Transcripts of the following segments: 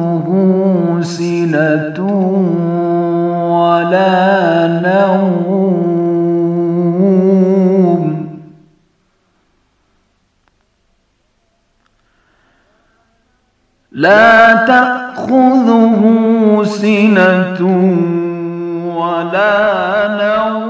تأخذه سنة ولا نوم لا تأخذه سنة ولا نوم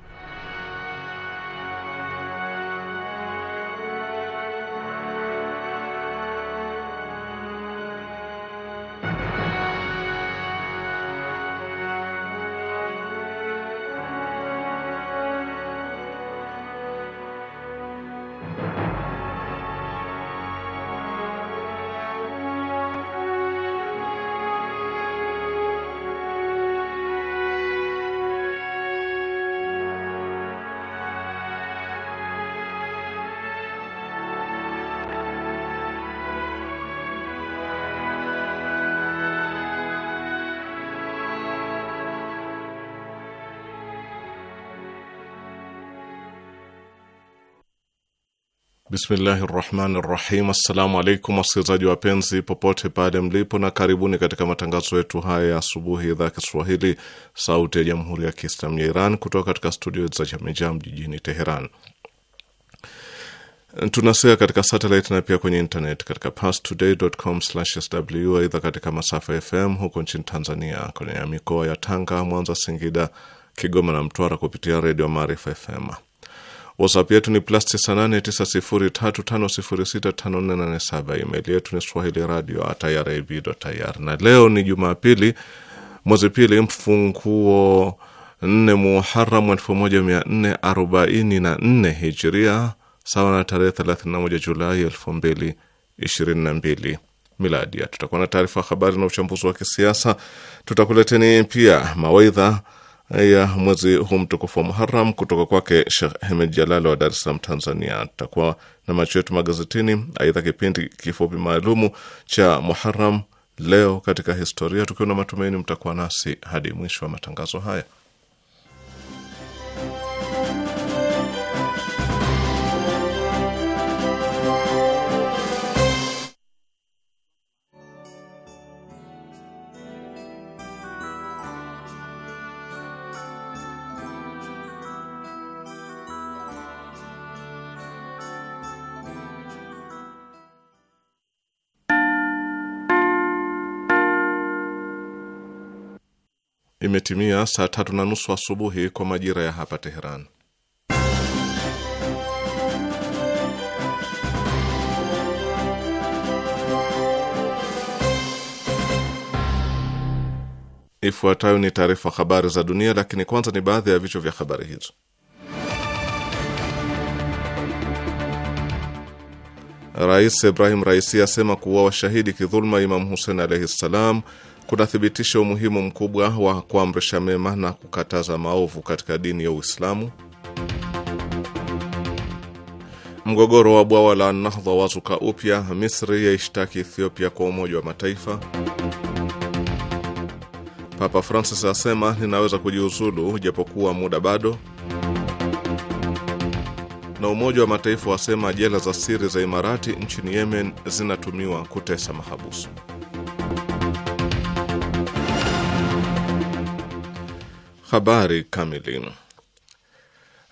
Bismillahi rahmani rahim. Assalamu alaikum wasikilizaji wapenzi popote pale mlipo, na karibuni katika matangazo yetu haya ya asubuhi, idhaa ya Kiswahili sauti ya jamhuri ya Kiislamu ya Iran kutoka katika studio za Jamejam jijini Teheran. Tunasea katika satelit na pia kwenye internet katika pastoday.com/sw. Aidha, katika masafa FM huko nchini Tanzania kwenye mikoa ya Tanga, Mwanza, Singida, Kigoma na Mtwara kupitia redio Maarifa FM. WhatsApp yetu ni plus 989035065487. Email yetu ni swahili radio @irib.ir. Na leo ni Jumapili, mwezi pili mfunguo nne Muharamu 1444 Hijiria, sawa na tarehe 31 Julai 2022 Miladia. Tutakuwa na taarifa, habari na uchambuzi wa kisiasa. Tutakuleteni pia mawaidha ya mwezi huu mtukufu wa Muharam kutoka kwake Shekh Hemed Jalala wa Dar es Salaam, Tanzania. Tutakuwa na macho yetu magazetini, aidha kipindi kifupi maalumu cha Muharam, leo katika historia, tukiwa na matumaini mtakuwa nasi hadi mwisho wa matangazo haya. Imetimia saa tatu na nusu asubuhi kwa majira ya hapa Teheran. Ifuatayo ni taarifa habari za dunia, lakini kwanza ni baadhi ya vichwa vya habari hizo. Rais Ibrahim Raisi asema kuwa washahidi kidhuluma Imam Hussein alaihi ssalam kunathibitisha umuhimu mkubwa wa kuamrisha mema na kukataza maovu katika dini ya Uislamu. Mgogoro wa bwawa la Nahdha wazuka upya. Misri yaishtaki Ethiopia kwa Umoja wa Mataifa. Papa Francis asema ninaweza kujiuzulu japokuwa muda bado. Na Umoja wa Mataifa wasema jela za siri za Imarati nchini Yemen zinatumiwa kutesa mahabusu. Habari kamili.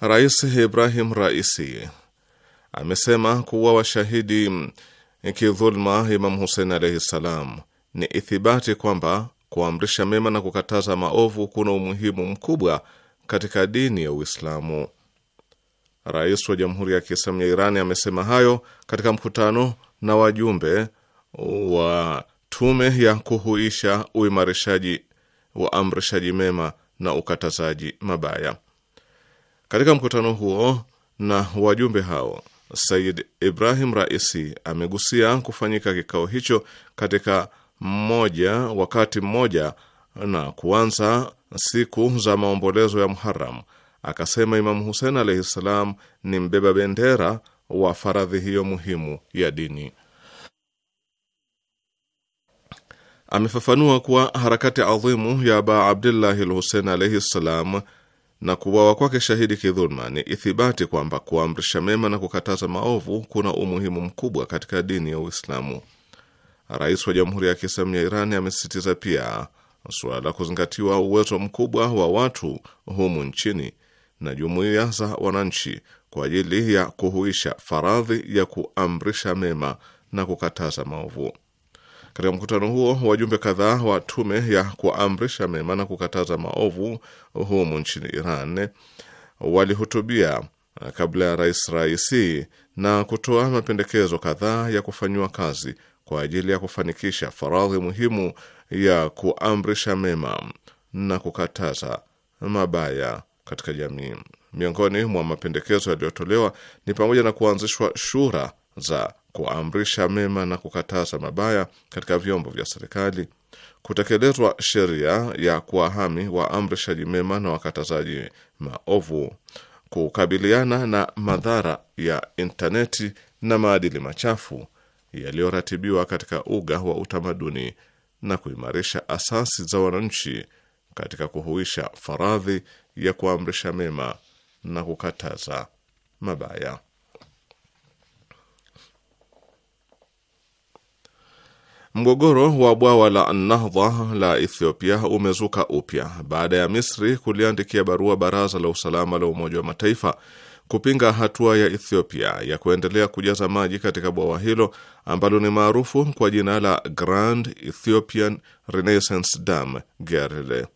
Rais Ibrahim Raisi amesema kuwa washahidi kidhulma Imam Husein alaihi ssalam ni ithibati kwamba kuamrisha mema na kukataza maovu kuna umuhimu mkubwa katika dini ya Uislamu. Rais wa Jamhuri ya Kiislamu ya Irani amesema hayo katika mkutano na wajumbe wa tume ya kuhuisha uimarishaji wa amrishaji mema na ukatazaji mabaya. Katika mkutano huo na wajumbe hao, Said Ibrahim Raisi amegusia kufanyika kikao hicho katika mmoja wakati mmoja na kuanza siku za maombolezo ya Muharram. Akasema Imamu Husein alaihi ssalam ni mbeba bendera wa faradhi hiyo muhimu ya dini. amefafanua kuwa harakati adhimu ya Aba Abdillahi l Husein alaihi ssalam na kuwawa kwake shahidi kidhulma ni ithibati kwamba kuamrisha mema na kukataza maovu kuna umuhimu mkubwa katika dini ya Uislamu. Rais wa Jamhuri ya Kiislamu ya Iran amesisitiza pia suala la kuzingatiwa uwezo mkubwa wa watu humu nchini na jumuiya za wananchi kwa ajili ya kuhuisha faradhi ya kuamrisha mema na kukataza maovu. Katika mkutano huo wajumbe kadhaa wa tume ya kuamrisha mema na kukataza maovu humu nchini Iran walihutubia kabla ya Rais Raisi na kutoa mapendekezo kadhaa ya kufanyiwa kazi kwa ajili ya kufanikisha faradhi muhimu ya kuamrisha mema na kukataza mabaya katika jamii. Miongoni mwa mapendekezo yaliyotolewa ni pamoja na kuanzishwa shura za kuamrisha mema na kukataza mabaya katika vyombo vya serikali, kutekelezwa sheria ya kuwahami waamrishaji mema na wakatazaji maovu, kukabiliana na madhara ya intaneti na maadili machafu yaliyoratibiwa katika uga wa utamaduni na kuimarisha asasi za wananchi katika kuhuisha faradhi ya kuamrisha mema na kukataza mabaya. Mgogoro wa bwawa la Nahdha la Ethiopia umezuka upya baada ya Misri kuliandikia barua Baraza la Usalama la Umoja wa Mataifa kupinga hatua ya Ethiopia ya kuendelea kujaza maji katika bwawa hilo ambalo ni maarufu kwa jina la Grand Ethiopian Renaissance Dam Gerle.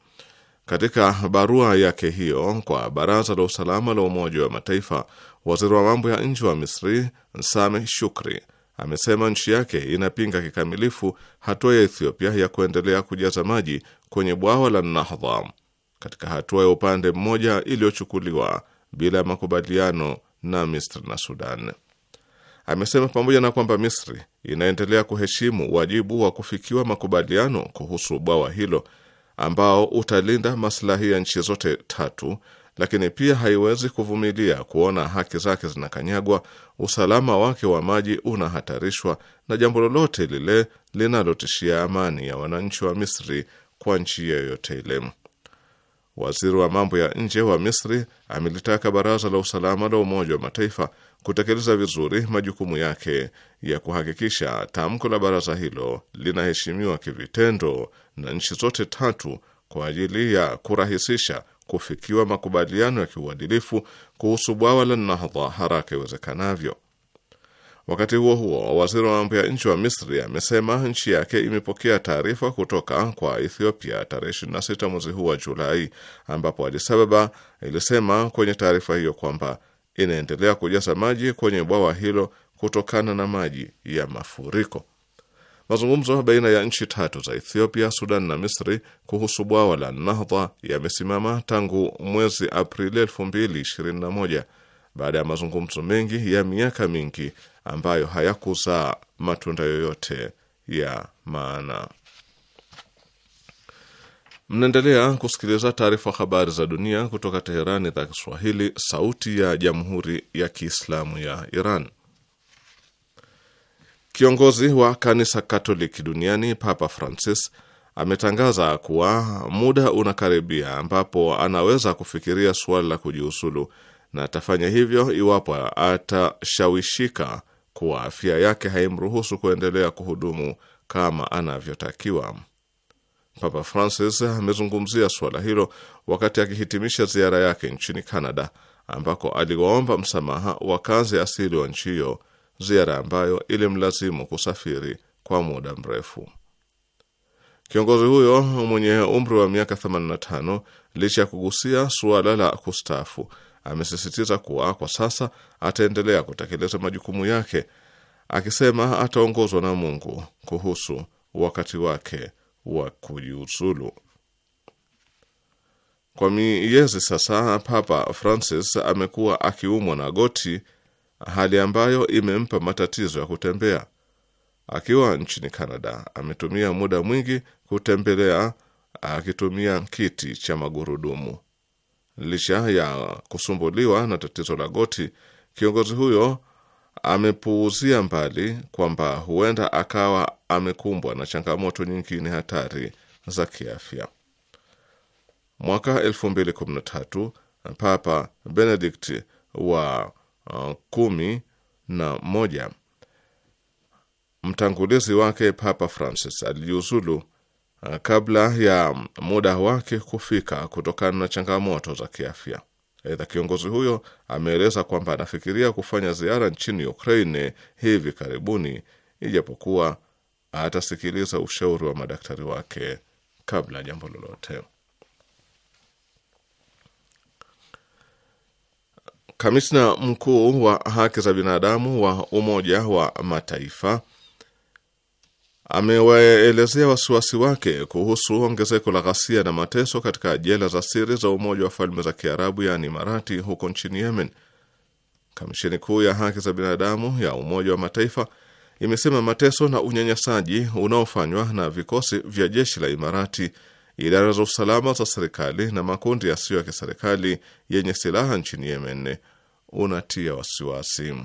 Katika barua yake hiyo kwa Baraza la Usalama la Umoja wa Mataifa, waziri wa mambo ya nje wa Misri Sameh Shukri amesema nchi yake inapinga kikamilifu hatua ya Ethiopia ya kuendelea kujaza maji kwenye bwawa la Nahdha katika hatua ya upande mmoja iliyochukuliwa bila ya makubaliano na Misri na Sudan. Amesema pamoja na kwamba Misri inaendelea kuheshimu wajibu wa kufikiwa makubaliano kuhusu bwawa hilo ambao utalinda maslahi ya nchi zote tatu lakini pia haiwezi kuvumilia kuona haki zake zinakanyagwa, usalama wake wa maji unahatarishwa na jambo lolote lile linalotishia amani ya wananchi wa Misri kwa nchi yoyote ile. Waziri wa mambo ya nje wa Misri amelitaka Baraza la Usalama la Umoja wa Mataifa kutekeleza vizuri majukumu yake ya kuhakikisha tamko la baraza hilo linaheshimiwa kivitendo na nchi zote tatu kwa ajili ya kurahisisha kufikiwa makubaliano ya kiuadilifu kuhusu bwawa la Nahdha haraka iwezekanavyo. Wakati huo huo, waziri wa mambo ya nchi wa Misri amesema nchi yake imepokea taarifa kutoka kwa Ethiopia tarehe 26 mwezi huu wa Julai, ambapo Addis Ababa ilisema kwenye taarifa hiyo kwamba inaendelea kujaza maji kwenye bwawa hilo kutokana na maji ya mafuriko. Mazungumzo baina ya nchi tatu za Ethiopia, Sudan na Misri kuhusu bwawa la Nahdha yamesimama tangu mwezi Aprili 2021 baada ya mazungumzo mengi ya miaka mingi ambayo hayakuzaa matunda yoyote ya maana. Mnaendelea kusikiliza taarifa habari za dunia kutoka Teherani, idhaa Kiswahili, sauti ya jamhuri ya kiislamu ya Iran. Kiongozi wa kanisa Katoliki duniani Papa Francis ametangaza kuwa muda unakaribia ambapo anaweza kufikiria suala la kujiusulu na atafanya hivyo iwapo atashawishika kuwa afya yake haimruhusu kuendelea kuhudumu kama anavyotakiwa. Papa Francis amezungumzia suala hilo wakati akihitimisha ziara yake nchini Canada ambako aliwaomba msamaha wakazi asili wa nchi hiyo ziara ambayo ilimlazimu kusafiri kwa muda mrefu. Kiongozi huyo mwenye umri wa miaka 85 licha ya kugusia suala la kustaafu, amesisitiza kuwa kwa sasa ataendelea kutekeleza majukumu yake, akisema ataongozwa na Mungu kuhusu wakati wake wa kujiuzulu. Kwa miezi sasa, Papa Francis amekuwa akiumwa na goti hali ambayo imempa matatizo ya kutembea. Akiwa nchini Canada, ametumia muda mwingi kutembelea akitumia kiti cha magurudumu. Licha ya kusumbuliwa na tatizo la goti, kiongozi huyo amepuuzia mbali kwamba huenda akawa amekumbwa na changamoto nyingine hatari za kiafya. Mwaka 2013 Papa Benedict wa Uh, kumi na moja mtangulizi wake Papa Francis alijiuzulu uh, kabla ya muda wake kufika kutokana na changamoto za kiafya. Aidha, kiongozi huyo ameeleza kwamba anafikiria kufanya ziara nchini Ukraine hivi karibuni, ijapokuwa atasikiliza ushauri wa madaktari wake kabla jambo lolote. Kamishna mkuu wa haki za binadamu wa Umoja wa Mataifa amewaelezea wasiwasi wake kuhusu ongezeko la ghasia na mateso katika jela za siri za Umoja wa Falme za Kiarabu yaani Imarati huko nchini Yemen. Kamisheni kuu ya haki za binadamu ya Umoja wa Mataifa imesema mateso na unyanyasaji unaofanywa na vikosi vya jeshi la Imarati idara za usalama za serikali na makundi yasiyo ya kiserikali yenye silaha nchini Yemen unatia wasiwasi.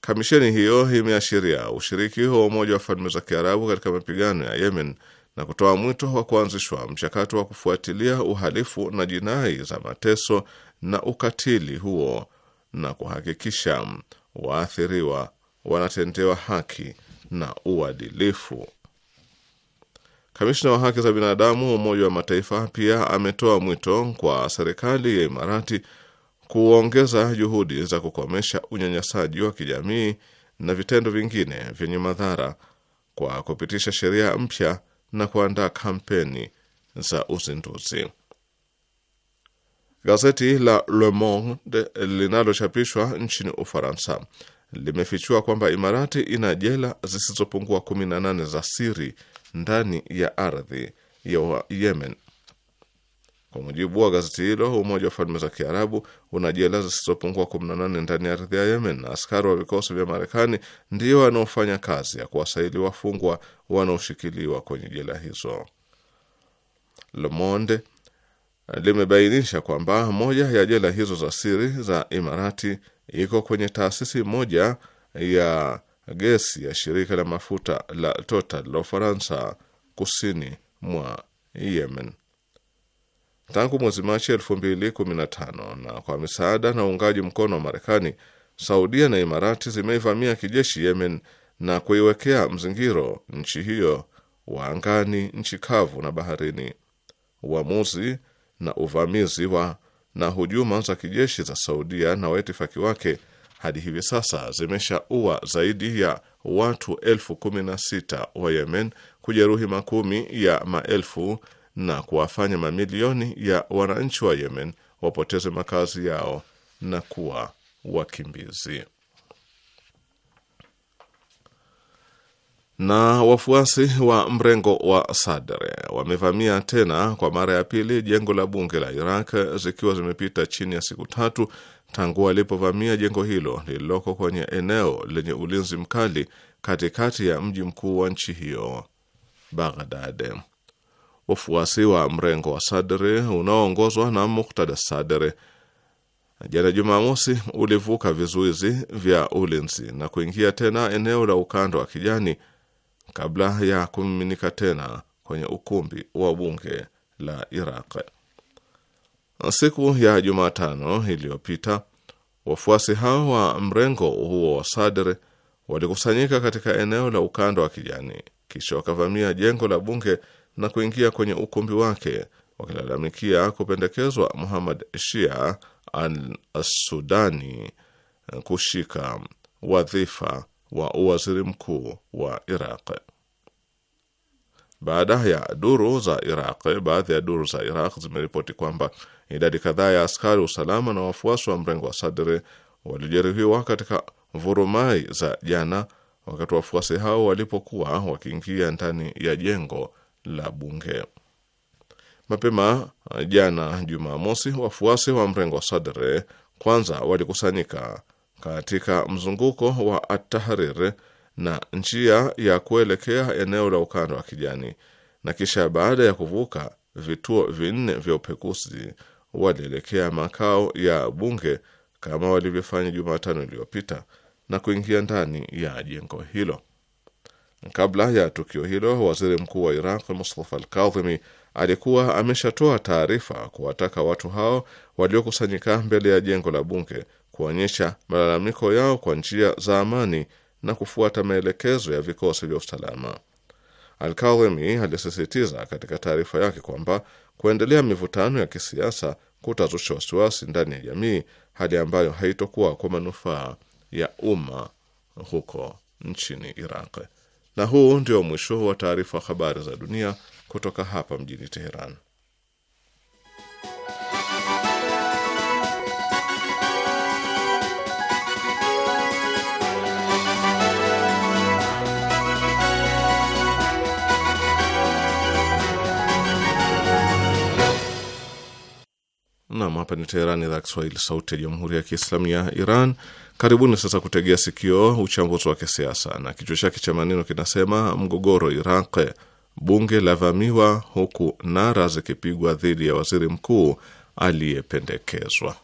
Kamisheni hiyo imeashiria ushiriki wa Umoja wa Falme za Kiarabu katika mapigano ya Yemen na kutoa mwito wa kuanzishwa mchakato wa kufuatilia uhalifu na jinai za mateso na ukatili huo na kuhakikisha waathiriwa wanatendewa haki na uadilifu. Kamishna wa haki za binadamu wa Umoja wa Mataifa pia ametoa mwito kwa serikali ya Imarati kuongeza juhudi za kukomesha unyanyasaji wa kijamii na vitendo vingine vyenye madhara kwa kupitisha sheria mpya na kuandaa kampeni za uzinduzi. Gazeti la Le Monde linalochapishwa nchini Ufaransa limefichua kwamba Imarati ina jela zisizopungua 18 za siri ndani ya ardhi ya Yemen. Kwa mujibu wa gazeti hilo, Umoja wa Falme za Kiarabu una jela zisizopungua 18 ndani ya ardhi ya Yemen, na askari wa vikosi vya Marekani ndio wanaofanya kazi ya kuwasaili wafungwa wanaoshikiliwa kwenye jela hizo. Le Monde limebainisha kwamba moja ya jela hizo za siri za Imarati iko kwenye taasisi moja ya gesi ya shirika la mafuta la Total la Ufaransa kusini mwa Yemen. Tangu mwezi Machi 2015 na kwa misaada na uungaji mkono wa Marekani, Saudia na Imarati zimeivamia kijeshi Yemen na kuiwekea mzingiro nchi hiyo wa angani, nchi kavu na baharini. Uamuzi na uvamizi wa na hujuma za kijeshi za Saudia na waitifaki wake hadi hivi sasa zimeshaua zaidi ya watu elfu kumi na sita wa Yemen, kujeruhi makumi ya maelfu na kuwafanya mamilioni ya wananchi wa Yemen wapoteze makazi yao na kuwa wakimbizi. Na wafuasi wa mrengo wa Sadre wamevamia tena kwa mara ya pili jengo la bunge la Iraq zikiwa zimepita chini ya siku tatu tangu walipovamia jengo hilo lililoko kwenye eneo lenye ulinzi mkali katikati ya mji mkuu wa nchi hiyo Baghdad. Wafuasi wa mrengo wa sadri unaoongozwa na Muktada sadri jana Jumamosi ulivuka vizuizi vya ulinzi na kuingia tena eneo la ukanda wa kijani kabla ya kumiminika tena kwenye ukumbi wa bunge la Iraq. Siku ya Jumatano iliyopita wafuasi hao wa mrengo huo wa Sadr walikusanyika katika eneo la ukanda wa kijani, kisha wakavamia jengo la bunge na kuingia kwenye ukumbi wake wakilalamikia kupendekezwa Muhammad Shia al-Sudani kushika wadhifa wa uwaziri mkuu wa Iraq. Baada ya duru za Iraq, baadhi ya duru za Iraq zimeripoti kwamba Idadi kadhaa ya askari usalama na wafuasi wa mrengo wa Sadre walijeruhiwa katika vurumai za jana, wakati wafuasi hao walipokuwa wakiingia ndani ya jengo la bunge. Mapema jana Jumamosi, wafuasi wa mrengo wa Sadre kwanza walikusanyika katika mzunguko wa atahrir na njia ya kuelekea eneo la ukanda wa kijani na kisha baada ya kuvuka vituo vinne vya upekuzi walielekea makao ya bunge kama walivyofanya Jumatano iliyopita na kuingia ndani ya jengo hilo. Kabla ya tukio hilo, waziri mkuu wa Iraq Mustafa Al-Kadhimi alikuwa ameshatoa taarifa kuwataka watu hao waliokusanyika mbele ya jengo la bunge kuonyesha malalamiko yao kwa njia za amani na kufuata maelekezo ya vikosi vya usalama. Al-Kadhimi alisisitiza katika taarifa yake kwamba kuendelea mivutano ya kisiasa kutazusha wasiwasi ndani ya jamii, hali ambayo haitokuwa kwa manufaa ya umma huko nchini Iraq. Na huu ndio mwisho wa taarifa habari za dunia kutoka hapa mjini Teheran. Nam, hapa ni Teherani, idhaa Kiswahili, sauti ya jamhuri ya kiislamu ya Iran. Karibuni sasa kutegea sikio uchambuzi wa kisiasa na kichwa chake cha maneno kinasema: mgogoro Iraq, bunge lavamiwa huku nara zikipigwa dhidi ya waziri mkuu aliyependekezwa.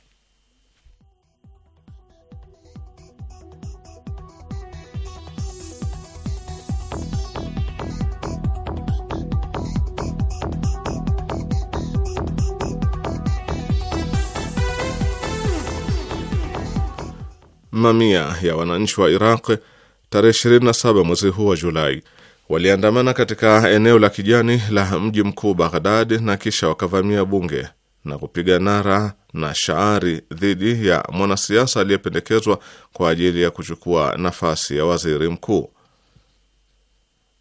mamia ya wananchi wa Iraq tarehe 27 mwezi huu wa Julai waliandamana katika eneo la kijani la mji mkuu Baghdad na kisha wakavamia bunge na kupiga nara na shaari dhidi ya mwanasiasa aliyependekezwa kwa ajili ya kuchukua nafasi ya waziri mkuu.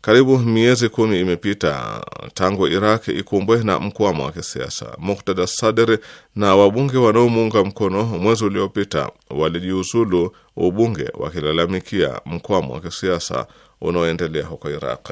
Karibu miezi kumi imepita tangu Iraq ikumbwe na mkwamo wa kisiasa. Muktada Sadr na wabunge wanaomuunga mkono mwezi uliopita walijiuzulu ubunge wakilalamikia mkwamo wa kisiasa unaoendelea huko Iraq.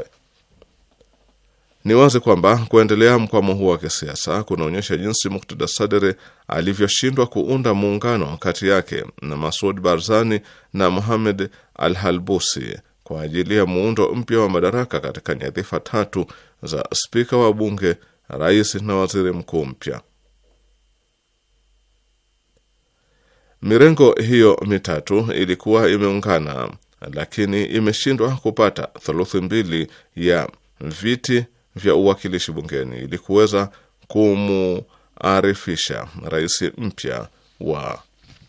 Ni wazi kwamba kuendelea mkwamo huo wa kisiasa kunaonyesha jinsi Muktada Sadr alivyoshindwa kuunda muungano kati yake na Masud Barzani na Muhamed Al Halbusi kwa ajili ya muundo mpya wa madaraka katika nyadhifa tatu za spika wa bunge, rais na waziri mkuu mpya. Mirengo hiyo mitatu ilikuwa imeungana, lakini imeshindwa kupata thuluthi mbili ya viti vya uwakilishi bungeni ili kuweza kumuarifisha rais mpya wa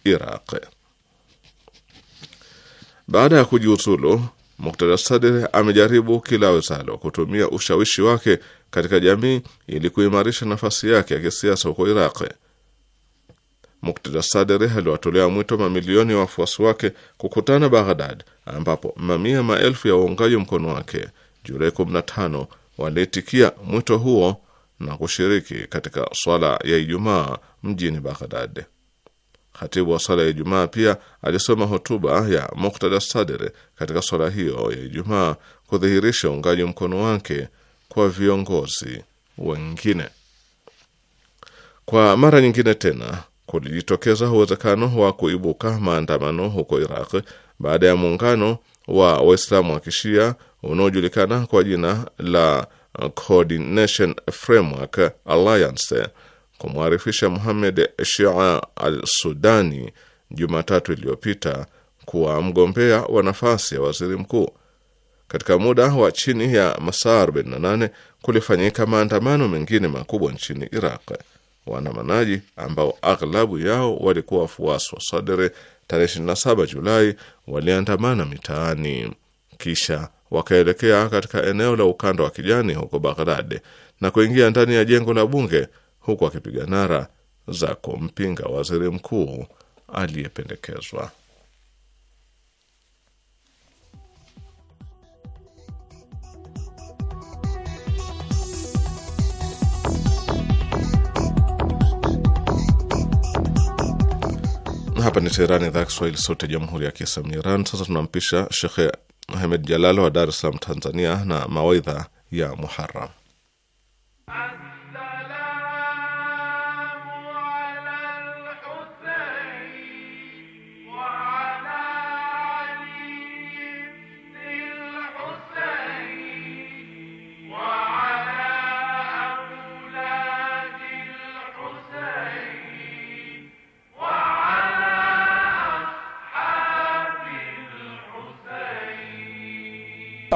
Iraq. Baada ya kujiuzulu Muktada Sadr amejaribu kila wezalo kutumia ushawishi wake katika jamii ili kuimarisha nafasi yake ya kisiasa huko Iraq. Muktada Sadr aliwatolea mwito mamilioni ya wafuasi wake kukutana Baghdad, ambapo mamia maelfu ya waungaji mkono wake Julai 15 waliitikia mwito huo na kushiriki katika swala ya Ijumaa mjini Baghdad. Khatibu wa sala ya Ijumaa pia alisoma hotuba ya Muktada Sadr katika sala hiyo ya Ijumaa kudhihirisha uungaji mkono wake kwa viongozi wengine. Kwa mara nyingine tena kulijitokeza uwezekano wa kuibuka maandamano huko Iraq baada ya muungano wa Waislamu wa Kishia unaojulikana kwa jina la Coordination Framework Alliance kumwarifisha Muhamed Shia al Sudani Jumatatu iliyopita kuwa mgombea wa nafasi ya waziri mkuu. Katika muda wa chini ya masaa 48 kulifanyika maandamano mengine makubwa nchini Iraq. Waandamanaji ambao aghlabu yao walikuwa wafuasi wa Sadere tarehe 27 Julai waliandamana mitaani, kisha wakaelekea katika eneo la ukanda wa kijani huko Baghdad na kuingia ndani ya jengo la bunge huku akipiga nara za kumpinga waziri mkuu aliyependekezwa. Hapa ni Teherani, idhaa Kiswahili, sauti ya jamhuri ya kiislamu Iran. Sasa tunampisha Shekhe Ahmed Jalala wa Dar es Salaam, Tanzania, na mawaidha ya muharam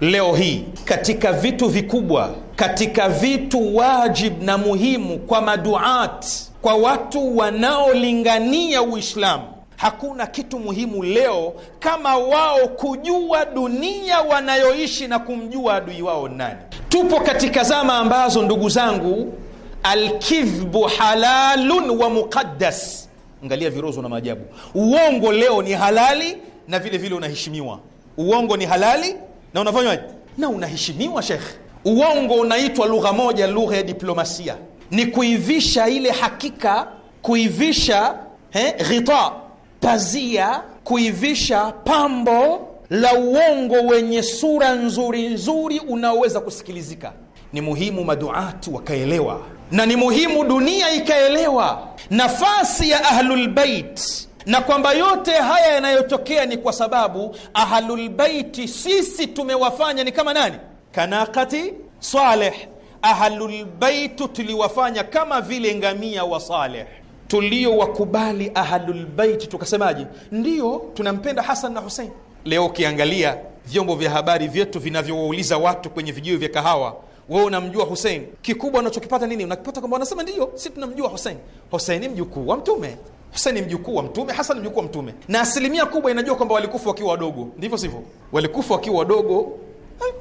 leo hii katika vitu vikubwa, katika vitu wajib na muhimu kwa maduat, kwa watu wanaolingania Uislamu, hakuna kitu muhimu leo kama wao kujua dunia wanayoishi na kumjua adui wao nani. Tupo katika zama ambazo, ndugu zangu, alkidhbu halalun wa muqaddas. Angalia virozo na maajabu. Uongo leo ni halali na vile vile unaheshimiwa. Uongo ni halali na unafanywaje na unaheshimiwa shekhe. Uongo unaitwa lugha moja, lugha ya diplomasia ni kuivisha ile hakika, kuivisha he, ghita pazia, kuivisha pambo la uongo wenye sura nzuri nzuri unaoweza kusikilizika. Ni muhimu maduati wakaelewa, na ni muhimu dunia ikaelewa nafasi ya Ahlulbeit na kwamba yote haya yanayotokea ni kwa sababu ahlulbaiti sisi tumewafanya ni kama nani? Kanakati Saleh. Ahlulbaitu tuliwafanya kama vile ngamia wa Saleh, tuliowakubali ahlulbaiti tukasemaje? ndio tunampenda Hasan na Husein. Leo ukiangalia vyombo vya habari vyetu vinavyowauliza watu kwenye vijio vya kahawa wewe unamjua Husein? Kikubwa unachokipata nini? Unakipata kwamba wanasema ndio si tunamjua Husein. Husein ni mjukuu wa Mtume. Huseini mjukuu wa Mtume, Hasan mjukuu wa Mtume, na asilimia kubwa inajua kwamba walikufa wakiwa wadogo, ndivyo sivyo? Walikufa wakiwa wadogo,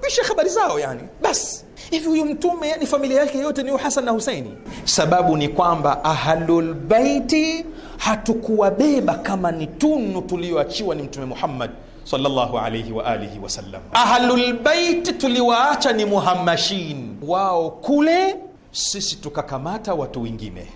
kisha habari zao yani basi hivi. Huyu Mtume yani familia yake yote ni Hasan na Huseini. Sababu ni kwamba ahlulbaiti hatukuwabeba kama ni tunu tuliyoachiwa ni Mtume Muhammad sallallahu alayhi wa alihi wasallam. Ahlulbaiti tuliwaacha ni muhammashin wao kule, sisi tukakamata watu wengine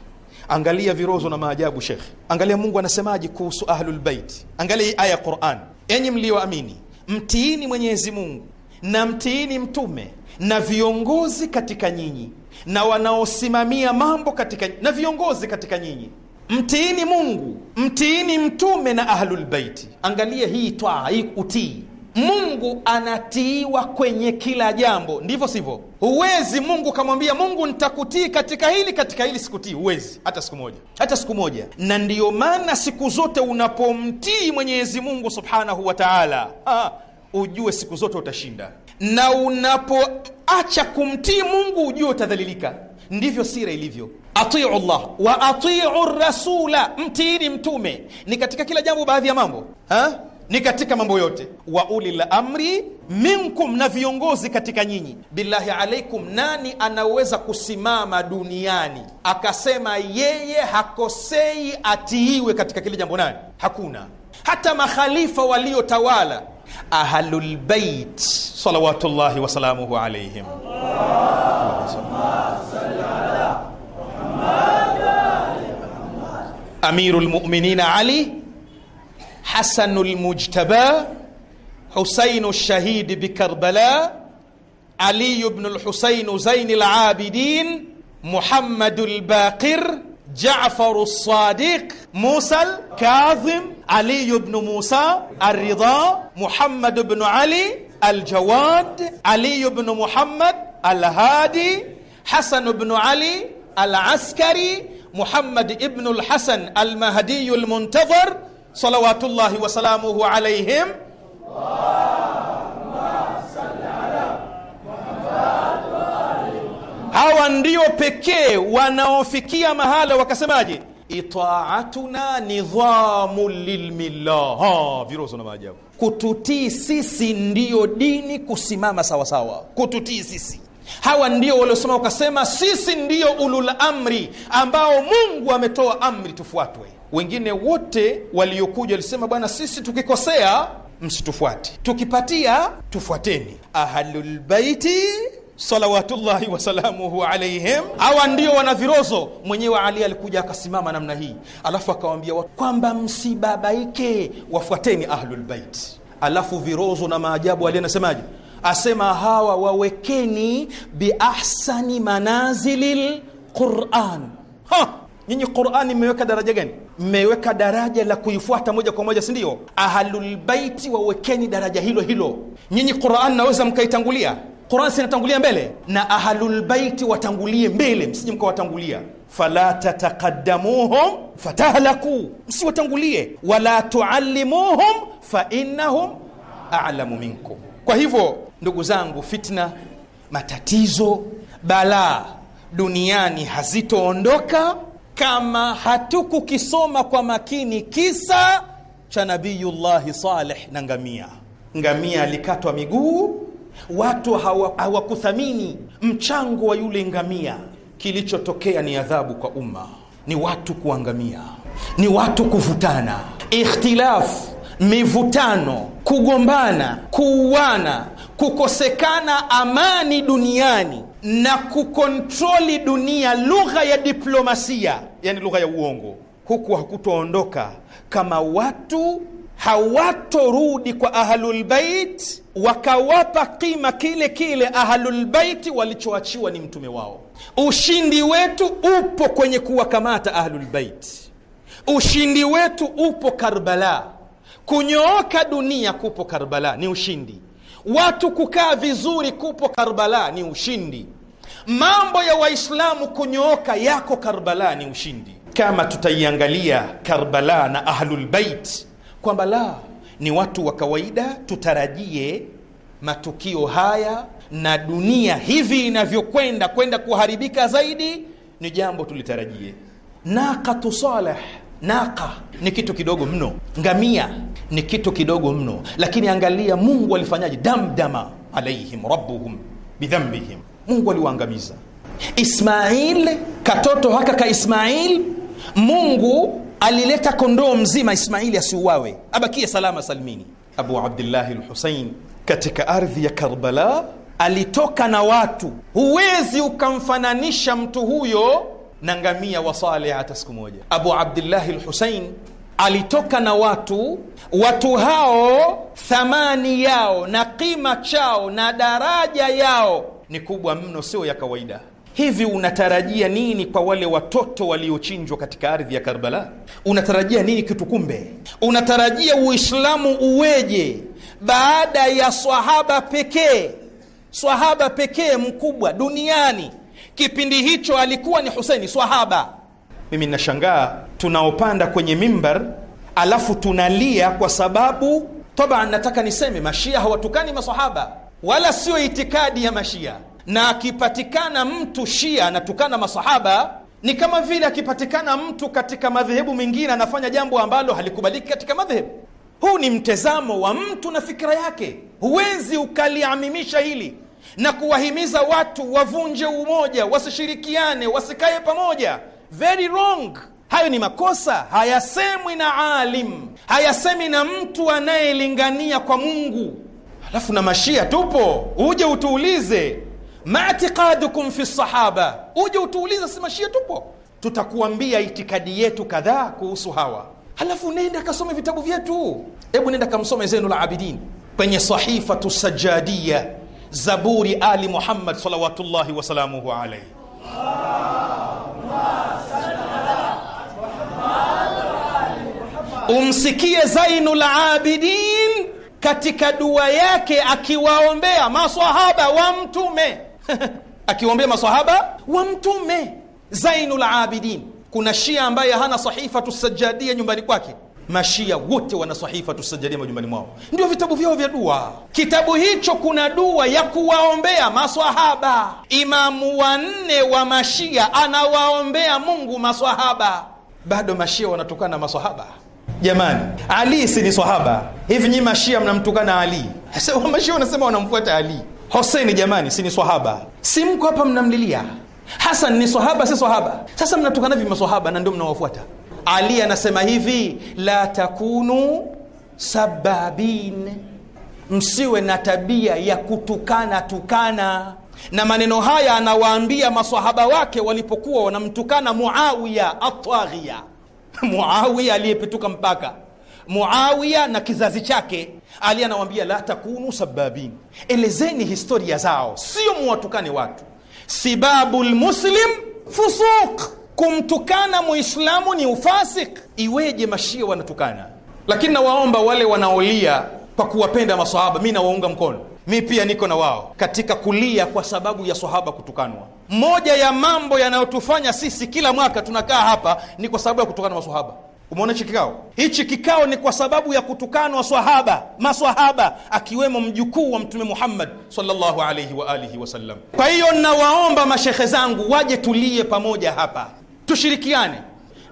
Angalia virozo na maajabu Shekh, angalia Mungu anasemaje kuhusu ahlul bait. Angalia hii aya ya Quran: enyi mlioamini, mtiini Mwenyezi Mungu na mtiini mtume na viongozi katika nyinyi na wanaosimamia mambo katika na viongozi katika nyinyi. Mtiini Mungu, mtiini mtume na ahlul Angalia hii twaa, hii utii Mungu anatiiwa kwenye kila jambo, ndivyo sivyo? Huwezi Mungu kamwambia Mungu, nitakutii katika hili, katika hili sikutii. Huwezi hata siku moja, hata siku moja. Na ndiyo maana siku zote unapomtii Mwenyezi Mungu subhanahu wa taala, ujue siku zote utashinda, na unapoacha kumtii Mungu ujue utadhalilika. Ndivyo sira ilivyo. Atiu llah wa atiu rasula, mtiini mtume ni katika kila jambo, baadhi ya mambo ha? ni katika mambo yote. Wa ulil amri minkum, na viongozi katika nyinyi. Billahi alaikum, nani anaweza kusimama duniani akasema yeye hakosei atiiwe katika kile jambo? Nani? Hakuna. Hata makhalifa waliotawala Ahlulbeit salawatullahi wasalamuhu alaihim Amirul Ali حسن المجتبى حسين الشهيد بكربلاء علي بن الحسين زين العابدين محمد الباقر جعفر الصادق موسى الكاظم علي بن موسى الرضا محمد بن علي الجواد علي بن محمد الهادي حسن بن علي العسكري محمد ابن الحسن المهدي المنتظر salawatullahi wasalamuhu alaihim hawa ndio pekee wanaofikia mahala wakasemaje itaatuna nidhamu lilmillah virozo na maajabu kututii sisi ndiyo dini kusimama sawasawa kututii sisi hawa ndio waliosema wakasema sisi ndiyo ulul amri ambao mungu ametoa amri tufuatwe wengine wote waliokuja walisema, bwana, sisi tukikosea msitufuate, tukipatia tufuateni. Ahlulbaiti salawatullahi wasalamuhu alaihim, hawa ndio wana virozo. Mwenyewe Ali alikuja akasimama namna hii, alafu watu kwamba msibabaike, wafuateni ahlulbaiti. Alafu virozo na maajabu Ali anasemaje? Asema hawa wawekeni biahsani manazili lquran nyinyi Qur'ani mmeweka daraja gani? Mmeweka daraja la kuifuata moja kwa moja, si ndio? Ahlulbaiti wawekeni daraja hilo hilo. Nyinyi Qur'ani naweza mkaitangulia Qur'ani, sinatangulia mbele na ahlulbaiti watangulie mbele, msije mkawatangulia fala tataqaddamuhum fatahlaku, msiwatangulie. Wala tuallimuhum fa innahum a'lamu minkum. Kwa hivyo ndugu zangu, fitna, matatizo, balaa duniani hazitoondoka kama hatukukisoma kwa makini kisa cha Nabiyullahi Saleh na ngamia. Ngamia alikatwa miguu, watu hawakuthamini hawa mchango wa yule ngamia. Kilichotokea ni adhabu kwa umma, ni watu kuangamia, ni watu kuvutana, ikhtilafu, mivutano, kugombana, kuuana, kukosekana amani duniani na kukontroli dunia, lugha ya diplomasia, yani lugha ya uongo, huku hakutoondoka kama watu hawatorudi kwa Ahlulbait wakawapa kima kile kile Ahlulbaiti walichoachiwa ni mtume wao. Ushindi wetu upo kwenye kuwakamata Ahlulbaiti, ushindi wetu upo Karbala. Kunyooka dunia kupo Karbala, ni ushindi Watu kukaa vizuri kupo Karbala ni ushindi. Mambo ya Waislamu kunyooka yako Karbala ni ushindi. Kama tutaiangalia Karbala na Ahlulbeit kwamba la ni watu wa kawaida, tutarajie matukio haya na dunia hivi inavyokwenda kwenda kuharibika zaidi, ni jambo tulitarajie. Naqatu Saleh Naka ni kitu kidogo mno, ngamia ni kitu kidogo mno, lakini angalia Mungu alifanyaje? Damdama alaihim rabbuhum bidhambihim, Mungu aliwaangamiza. Ismail katoto haka ka Ismail, Mungu alileta kondoo mzima Ismaili asiuawe, abakie salama salmini. Abu Abdillahi Lhusein katika ardhi ya Karbala alitoka na watu, huwezi ukamfananisha mtu huyo na ngamia wa Saleh hata siku moja. Abu Abdillahi Lhusein alitoka na watu, watu hao thamani yao na kima chao na daraja yao ni kubwa mno, sio ya kawaida. Hivi unatarajia nini kwa wale watoto waliochinjwa katika ardhi ya Karbala? Unatarajia nini kitu? Kumbe unatarajia Uislamu uweje baada ya swahaba pekee, swahaba pekee mkubwa duniani Kipindi hicho alikuwa ni Husaini swahaba. Mimi ninashangaa tunaopanda kwenye mimbar alafu tunalia kwa sababu toba. nataka niseme mashia hawatukani masahaba, wala sio itikadi ya mashia. Na akipatikana mtu shia anatukana masahaba ni kama vile akipatikana mtu katika madhehebu mengine anafanya jambo ambalo halikubaliki katika madhehebu. Huu ni mtazamo wa mtu na fikira yake, huwezi ukaliamimisha hili na kuwahimiza watu wavunje umoja, wasishirikiane, wasikae pamoja. Very wrong. Hayo ni makosa, hayasemwi na alim, hayasemi na mtu anayelingania kwa Mungu. Alafu na mashia tupo, uje utuulize maatiqadukum fi sahaba, uje utuulize, si mashia tupo, tutakuambia itikadi yetu kadhaa kuhusu hawa. Halafu nenda kasome vitabu vyetu, hebu nenda kamsome Zainul Abidin kwenye Sahifatu Sajadia Zaburi Ali Muhammad salawatullahi wasalamuhu alaihi. Umsikie Zainul Abidin katika dua yake akiwaombea maswahaba wa Mtume akiwaombea maswahaba wa Mtume Zainul Abidin. Kuna Shia ambaye hana sahifatu sajadia nyumbani kwake mashia wote wana sahifa tusajalia majumbani mwao, ndio vitabu vyao vya dua. Kitabu hicho kuna dua ya kuwaombea maswahaba. Imamu wanne wa mashia anawaombea Mungu maswahaba. Bado mashia wanatukana maswahaba. Jamani, Ali si ni swahaba? Hivi nyi mashia mnamtukana Ali? mashia wanasema wanamfuata Ali. Hoseni jamani, si ni swahaba? Si mko hapa mnamlilia Hasan? Ni swahaba si swahaba? Sasa mnatukana vi maswahaba na ndio mnawafuata ali anasema hivi, la takunu sababin, msiwe na tabia ya kutukana tukana. Na maneno haya anawaambia masahaba wake walipokuwa wanamtukana Muawiya atwaghia, Muawiya aliyepituka mpaka Muawiya na kizazi chake. Ali anawaambia la takunu sababin, elezeni historia zao, sio muwatukane watu. Sibabu lmuslim fusuq kumtukana muislamu ni ufasik. Iweje mashia wanatukana? Lakini nawaomba wale wanaolia kwa kuwapenda masahaba, mi nawaunga mkono, mi pia niko na wao katika kulia kwa sababu ya sahaba kutukanwa. Moja ya mambo yanayotufanya sisi kila mwaka tunakaa hapa ni kwa sababu ya kutukana masahaba. Umeona hichi kikao, hichi kikao ni kwa sababu ya kutukanwa swahaba, maswahaba akiwemo mjukuu wa Mtume Muhammad sallallahu alaihi wa alihi wasallam. Kwa hiyo nawaomba mashehe zangu waje tulie pamoja hapa, tushirikiane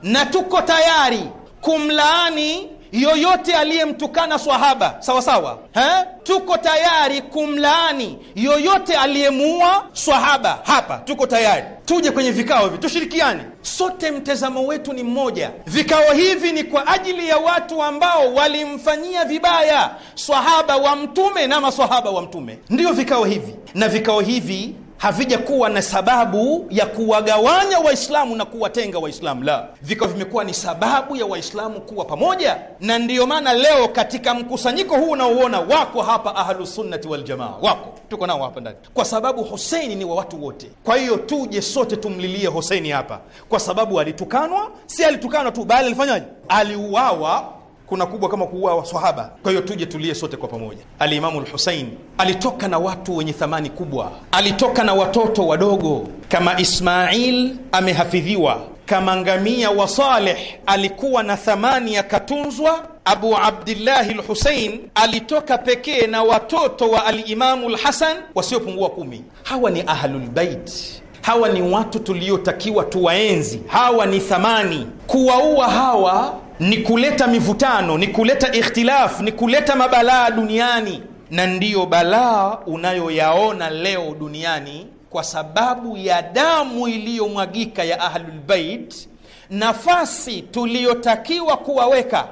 na tuko tayari kumlaani yoyote aliyemtukana swahaba sawa sawa, ha? Tuko tayari kumlaani yoyote aliyemuua swahaba hapa, tuko tayari. Tuje kwenye vikao hivi tushirikiane sote, mtazamo wetu ni mmoja. Vikao hivi ni kwa ajili ya watu ambao walimfanyia vibaya swahaba wa Mtume na maswahaba wa Mtume, ndio vikao hivi, na vikao hivi havijakuwa na sababu ya kuwagawanya Waislamu na kuwatenga Waislamu, la, viko vimekuwa ni sababu ya Waislamu kuwa pamoja. Na ndiyo maana leo katika mkusanyiko huu unaouona wako hapa Ahlusunnati Waljamaa, wako tuko nao hapa ndani, kwa sababu Huseini ni wa watu wote. Kwa hiyo tuje sote tumlilie Huseini hapa, kwa sababu alitukanwa, si alitukanwa tu, bali alifanyaje? Aliuawa kuna kubwa kama kuua waswahaba. Kwa hiyo tuje tulie sote kwa pamoja. Alimamu Lhusein alitoka na watu wenye thamani kubwa, alitoka na watoto wadogo kama Ismail amehafidhiwa kama ngamia wa Saleh alikuwa na thamani ya katunzwa. Abu Abdillahi Lhusein alitoka pekee na watoto wa Alimamu Lhasan wasiopungua kumi. Hawa ni ahlulbaiti hawa ni watu tuliotakiwa tuwaenzi, hawa ni thamani. Kuwaua hawa ni kuleta mivutano, ni kuleta ikhtilafu, ni kuleta mabalaa duniani, na ndiyo balaa unayoyaona leo duniani kwa sababu ya damu iliyomwagika ya Ahlulbeit, nafasi tuliyotakiwa kuwaweka,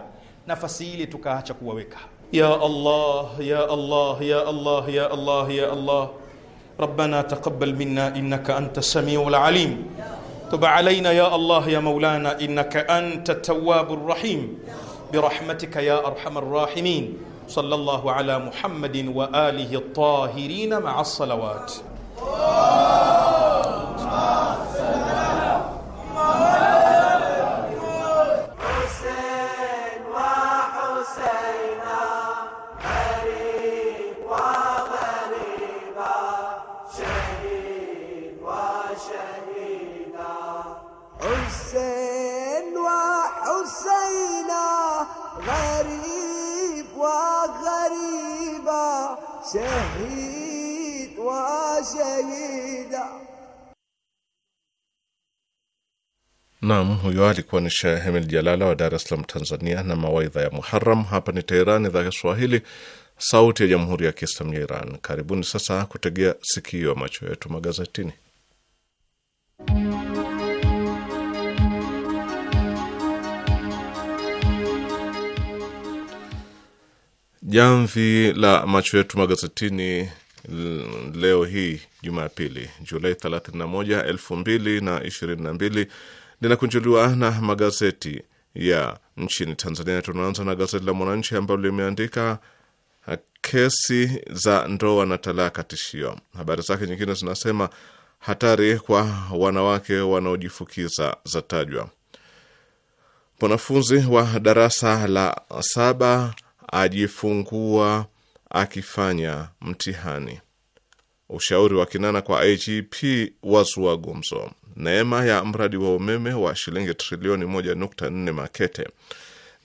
nafasi ile tukaacha kuwaweka. Ya Allah ya Allah ya Allah ya Allah ya Allah, rabbana taqabbal minna innaka anta samiul lalim تب علينا يا الله يا مولانا إنك أنت التواب الرحيم برحمتك يا أرحم الراحمين صلى الله على محمد وآله الطاهرين مع الصلوات مع شهيد وشهيدا. Naam, huyo alikuwa ni Shehe Hemid Jalala wa Dar es Salaam, Tanzania, na mawaidha ya Muharram. Hapa ni Teherani, idhaa ya Kiswahili, sauti ya jamhuri ya kiislamu ya Iran. Karibuni sasa kutegea sikio macho yetu magazetini. Jamvi la macho yetu magazetini leo hii Jumapili, Julai 31, 2022 linakunjuliwa na magazeti ya nchini Tanzania. Tunaanza na gazeti la Mwananchi ambalo limeandika kesi za ndoa na talaka tishio. Habari zake nyingine zinasema hatari kwa wanawake wanaojifukiza zatajwa. Mwanafunzi wa darasa la saba ajifungua akifanya mtihani. Ushauri wa Kinana kwa IGP wazua gumzo. Neema ya mradi wa umeme wa shilingi trilioni 1.4 Makete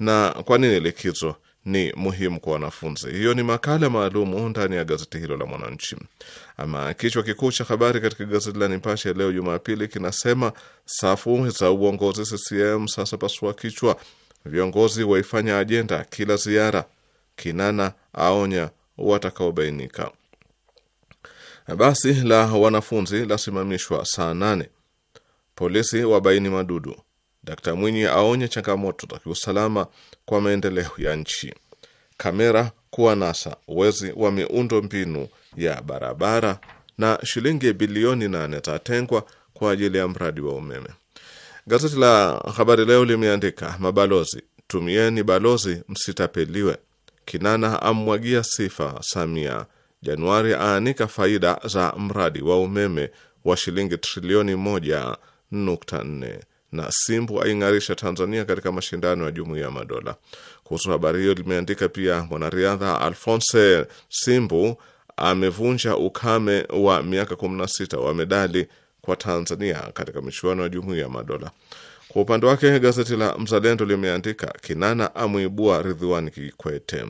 na kwa nini likizo ni muhimu kwa wanafunzi. Hiyo ni makala maalumu ndani ya gazeti hilo la Mwananchi. Ama kichwa kikuu cha habari katika gazeti la Nipashe leo Jumapili kinasema safu za uongozi CCM sasa pasua kichwa, viongozi waifanya ajenda kila ziara Kinana aonya watakaobainika. Basi la wanafunzi lasimamishwa saa nane. Polisi wabaini madudu. Dkt Mwinyi aonye changamoto za kiusalama kwa maendeleo ya nchi. Kamera kuwa nasa wezi wa miundo mbinu ya barabara, na shilingi bilioni nane zatengwa kwa ajili ya mradi wa umeme. Gazeti la Habari Leo limeandika mabalozi, tumieni balozi msitapeliwe. Kinana amwagia sifa Samia. Januari aanika faida za mradi wa umeme wa shilingi trilioni moja nukta nne na Simbu aing'arisha Tanzania katika mashindano ya Jumuiya ya Madola. Kuhusu habari hiyo limeandika pia mwanariadha Alphonse Simbu amevunja ukame wa miaka 16 wa medali kwa Tanzania katika michuano ya Jumuiya ya Madola. Kwa upande wake gazeti la Mzalendo limeandika Kinana amwibua Ridhiwani Kikwete,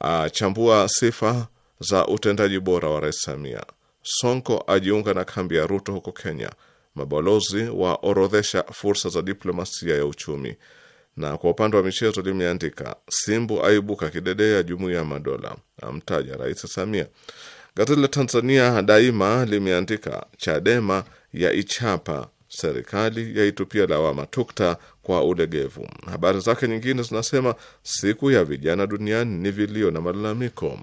achambua sifa za utendaji bora wa Rais Samia, Sonko ajiunga na kambi ya Ruto huko Kenya, mabalozi waorodhesha fursa za diplomasia ya uchumi. Na kwa upande wa michezo limeandika Simbu aibuka kidedea ya Jumuiya ya Madola, amtaja Rais Samia. Gazeti la Tanzania Daima limeandika Chadema ya ichapa serikali yaitupia lawama tukta kwa ulegevu. Habari zake nyingine zinasema siku ya vijana duniani ni vilio na malalamiko.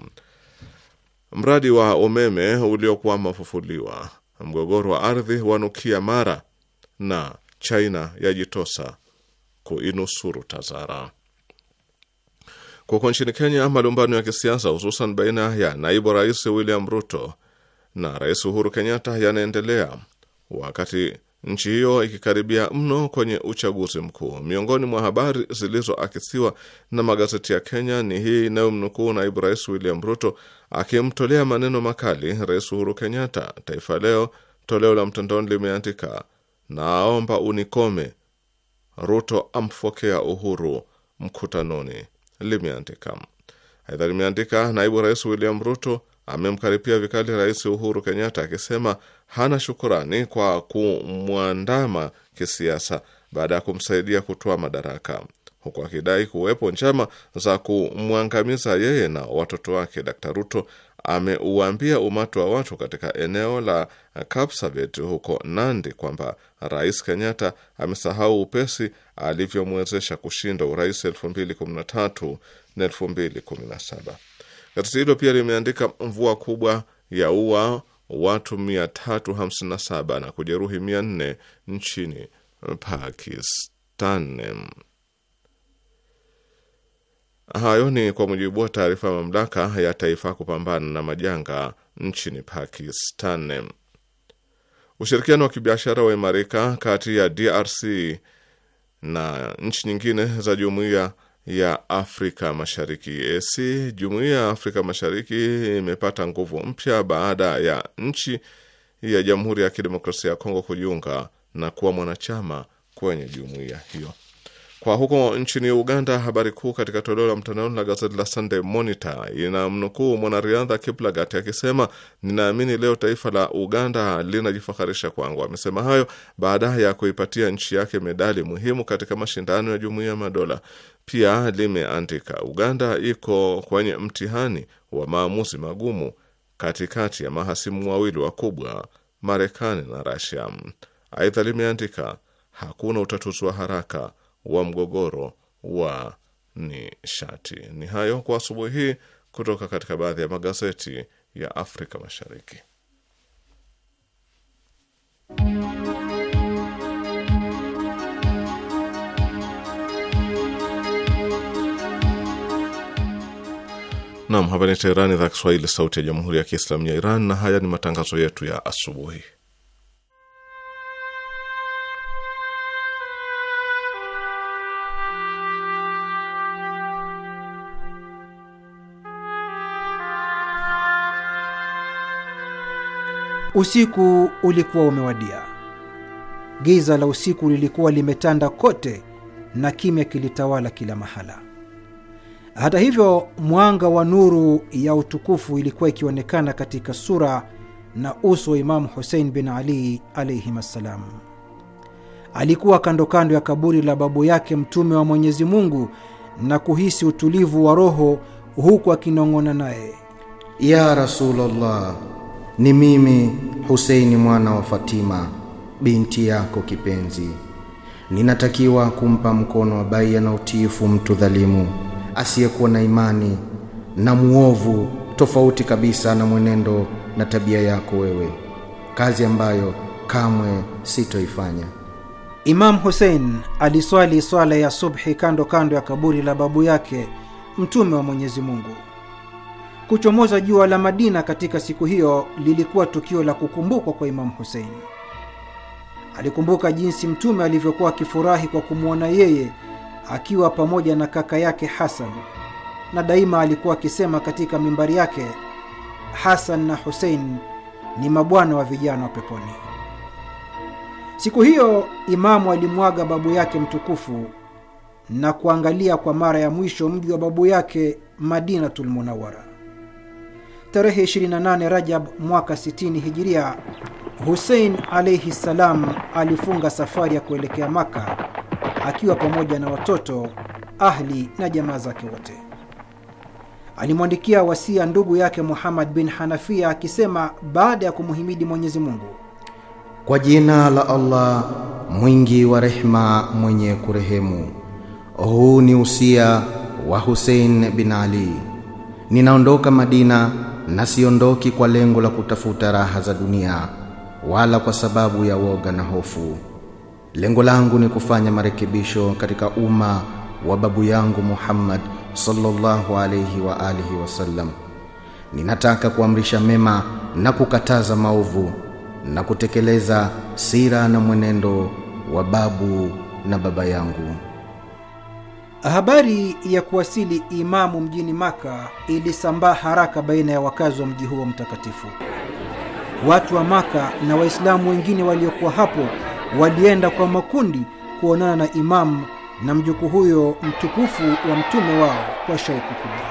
Mradi wa umeme uliokuwa mafufuliwa Mgogoro wa ardhi wanukia Mara, na China yajitosa kuinusuru TAZARA. Kuko nchini Kenya, malumbano ya kisiasa hususan baina ya naibu rais William Ruto na rais Uhuru Kenyatta yanaendelea wakati nchi hiyo ikikaribia mno kwenye uchaguzi mkuu. Miongoni mwa habari zilizoakisiwa na magazeti ya Kenya ni hii inayomnukuu naibu rais William Ruto akimtolea maneno makali Rais Uhuru Kenyatta. Taifa Leo toleo la mtandaoni limeandika, naomba unikome, Ruto amfokea Uhuru mkutanoni, limeandika. Aidha limeandika naibu rais William Ruto amemkaripia vikali Rais Uhuru Kenyatta akisema hana shukurani kwa kumwandama kisiasa baada ya kumsaidia kutoa madaraka huku akidai kuwepo njama za kumwangamiza yeye na watoto wake. Dkt Ruto ameuambia umati wa watu katika eneo la Kapsabet huko Nandi kwamba Rais Kenyatta amesahau upesi alivyomwezesha kushinda urais 2013 na 2017. Gazeti hilo pia limeandika mvua kubwa ya ua watu 357 na kujeruhi 400 nchini Pakistan. Hayo ni kwa mujibu wa taarifa ya mamlaka ya taifa kupambana na majanga nchini Pakistan. Ushirikiano wa kibiashara wa imarika kati ya DRC na nchi nyingine za jumuiya ya Afrika Mashariki EAC. Eh, jumuiya ya Afrika Mashariki imepata nguvu mpya baada ya nchi ya Jamhuri ya Kidemokrasia ya Kongo kujiunga na kuwa mwanachama kwenye jumuiya hiyo. Kwa huko nchini Uganda, habari kuu katika toleo la mtandaoni la gazeti la Sunday Monitor inamnukuu mwanariadha Kiplagat akisema ninaamini leo taifa la Uganda linajifaharisha kwangu. Amesema hayo baada ya kuipatia nchi yake medali muhimu katika mashindano ya jumuiya ya Madola pia limeandika Uganda iko kwenye mtihani wa maamuzi magumu katikati ya mahasimu wawili wakubwa, Marekani na Rasia. Aidha limeandika hakuna utatuzi wa haraka wa mgogoro wa nishati. Ni hayo kwa asubuhi hii kutoka katika baadhi ya magazeti ya Afrika Mashariki. Naam, hapa ni Teherani, idhaa Kiswahili, sauti ya jamhuri ya kiislamu ya Iran, na haya ni matangazo yetu ya asubuhi. Usiku ulikuwa umewadia. Giza la usiku lilikuwa limetanda kote na kimya kilitawala kila mahala. Hata hivyo, mwanga wa nuru ya utukufu ilikuwa ikionekana katika sura na uso wa Imamu Husein bin Ali alaihim assalam. Alikuwa kando kando ya kaburi la babu yake Mtume wa Mwenyezi Mungu na kuhisi utulivu wa roho, huku akinong'ona naye, ya Rasulullah, ni mimi Huseini mwana wa Fatima binti yako kipenzi, ninatakiwa kumpa mkono wa baia na utiifu mtu dhalimu asiyekuwa na imani na muovu, tofauti kabisa na mwenendo na tabia yako wewe, kazi ambayo kamwe sitoifanya. Imamu Hussein aliswali swala ya subhi kando kando ya kaburi la babu yake Mtume wa Mwenyezi Mungu. Kuchomoza jua la Madina katika siku hiyo lilikuwa tukio la kukumbukwa kwa Imamu Hussein. Alikumbuka jinsi Mtume alivyokuwa akifurahi kwa kumwona yeye akiwa pamoja na kaka yake Hasan, na daima alikuwa akisema katika mimbari yake, Hasan na Husein ni mabwana wa vijana wa peponi. Siku hiyo Imamu alimwaga babu yake mtukufu na kuangalia kwa mara ya mwisho mji wa babu yake Madinatul Munawara. Tarehe 28 Rajab mwaka 60 Hijiria, Husein alaihi ssalam alifunga safari ya kuelekea Maka akiwa pamoja na watoto, ahli na jamaa zake wote. Alimwandikia wasia ndugu yake Muhammad bin Hanafia akisema, baada ya kumhimidi Mwenyezi Mungu: kwa jina la Allah mwingi wa rehma mwenye kurehemu. Huu ni usia wa Hussein bin Ali. Ninaondoka Madina na siondoki kwa lengo la kutafuta raha za dunia wala kwa sababu ya woga na hofu Lengo langu ni kufanya marekebisho katika umma wa babu yangu Muhammad sallallahu alayhi wa alihi wasallam. Ninataka kuamrisha mema na kukataza maovu na kutekeleza sira na mwenendo wa babu na baba yangu. Habari ya kuwasili Imamu mjini Maka ilisambaa haraka baina ya wakazi wa mji huo mtakatifu. Watu wa Maka na Waislamu wengine waliokuwa hapo walienda kwa makundi kuonana na imamu na mjukuu huyo mtukufu wa mtume wao kwa shauku kubwa.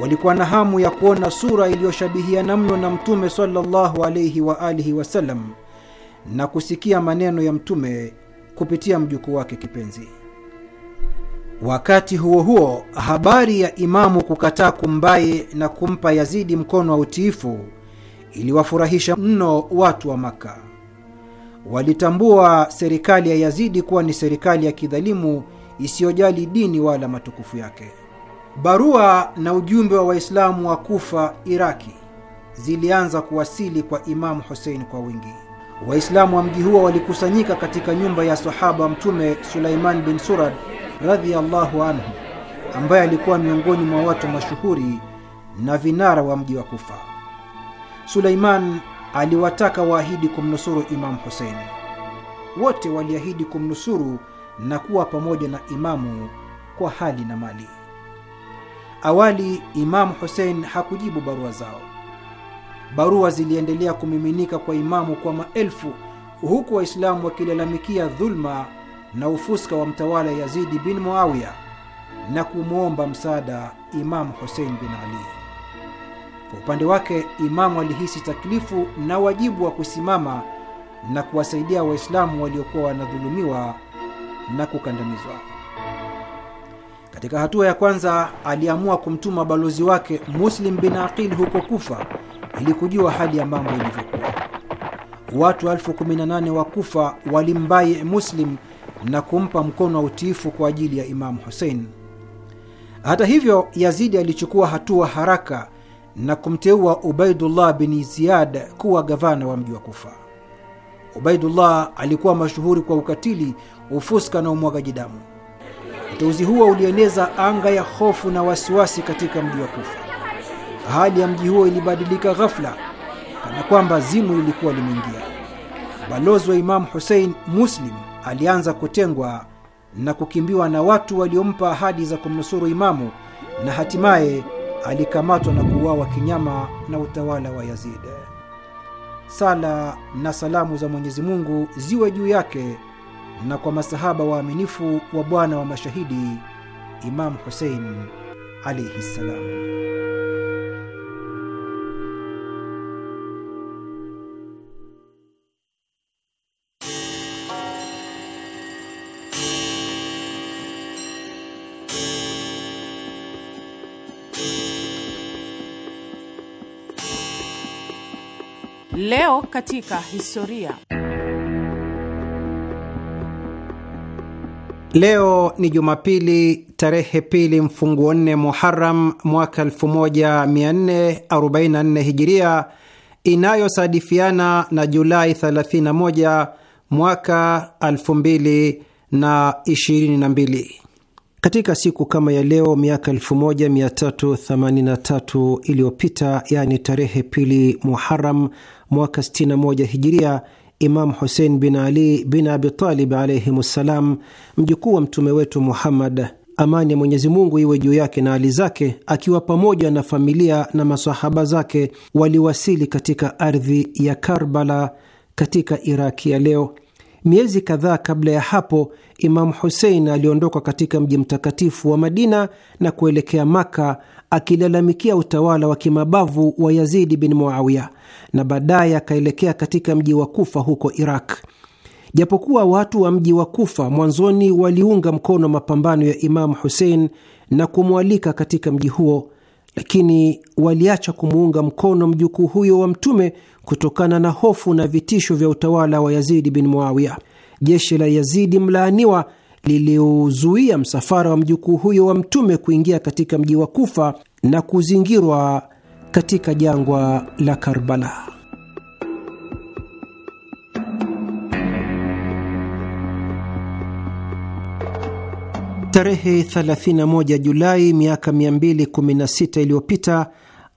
Walikuwa na hamu ya kuona sura iliyoshabihiana mno na mtume sallallahu alaihi wa alihi wasallam na kusikia maneno ya mtume kupitia mjukuu wake kipenzi. Wakati huo huo, habari ya imamu kukataa kumbai na kumpa Yazidi mkono wa utiifu iliwafurahisha mno watu wa Maka. Walitambua serikali ya Yazidi kuwa ni serikali ya kidhalimu isiyojali dini wala matukufu yake. Barua na ujumbe wa Waislamu wa Kufa, Iraki, zilianza kuwasili kwa Imamu Husein kwa wingi. Waislamu wa mji huo walikusanyika katika nyumba ya sahaba Mtume Sulaiman bin Surad radhiyallahu anhu, ambaye alikuwa miongoni mwa watu mashuhuri na vinara wa mji wa Kufa. Sulaiman aliwataka waahidi kumnusuru Imamu Husein. Wote waliahidi kumnusuru na kuwa pamoja na Imamu kwa hali na mali. Awali Imamu Husein hakujibu barua zao. Barua ziliendelea kumiminika kwa Imamu kwa maelfu, huku Waislamu wakilalamikia dhulma na ufuska wa mtawala Yazidi bin Muawiya na kumwomba msaada Imamu Husein bin Ali. Kwa upande wake, Imamu alihisi taklifu na wajibu wa kusimama na kuwasaidia Waislamu waliokuwa wanadhulumiwa na kukandamizwa. Katika hatua ya kwanza, aliamua kumtuma balozi wake Muslim bin Aqil huko Kufa ili kujua hali ya mambo ilivyokuwa. Watu elfu kumi na nane wa Kufa walimbai Muslim na kumpa mkono wa utiifu kwa ajili ya Imamu Husein. Hata hivyo, Yazidi alichukua hatua haraka na kumteua Ubaidullah bin Ziyad kuwa gavana wa mji wa Kufa. Ubaidullah alikuwa mashuhuri kwa ukatili, ufuska na umwagaji damu. Uteuzi huo ulieneza anga ya hofu na wasiwasi katika mji wa Kufa. Hali ya mji huo ilibadilika ghafla, kana kwamba zimu lilikuwa limeingia. Balozi wa Imamu Husein Muslim alianza kutengwa na kukimbiwa na watu waliompa ahadi za kumnusuru Imamu na hatimaye alikamatwa na kuuawa kinyama na utawala wa Yazid. Sala na salamu za Mwenyezi Mungu ziwe juu yake na kwa masahaba waaminifu wa bwana wa mashahidi Imamu Husein alaihi ssalam. Leo katika historia. Leo ni Jumapili tarehe pili mfunguo nne Muharam mwaka 1444 Hijiria, inayosadifiana na Julai 31 mwaka 2022. Katika siku kama ya leo miaka 1383 iliyopita, yaani tarehe pili Muharam mwaka 61 Hijiria, Imam Husein bin Ali bin Abitalib alaihim ssalam, mjukuu wa mtume wetu Muhammad, amani ya Mwenyezi Mungu iwe juu yake na hali zake, akiwa pamoja na familia na masahaba zake, waliwasili katika ardhi ya Karbala katika Iraki ya leo. Miezi kadhaa kabla ya hapo, Imamu Husein aliondoka katika mji mtakatifu wa Madina na kuelekea Maka akilalamikia utawala wa kimabavu wa Yazidi bin Muawiya, na baadaye akaelekea katika mji wa Kufa huko Iraq. Japokuwa watu wa mji wa Kufa mwanzoni waliunga mkono mapambano ya Imamu Husein na kumwalika katika mji huo, lakini waliacha kumuunga mkono mjukuu huyo wa Mtume kutokana na hofu na vitisho vya utawala wa Yazidi bin Muawiya. Jeshi la Yazidi mlaaniwa liliozuia msafara wa mjukuu huyo wa Mtume kuingia katika mji wa Kufa na kuzingirwa katika jangwa la Karbala. Tarehe 31 Julai miaka 216 iliyopita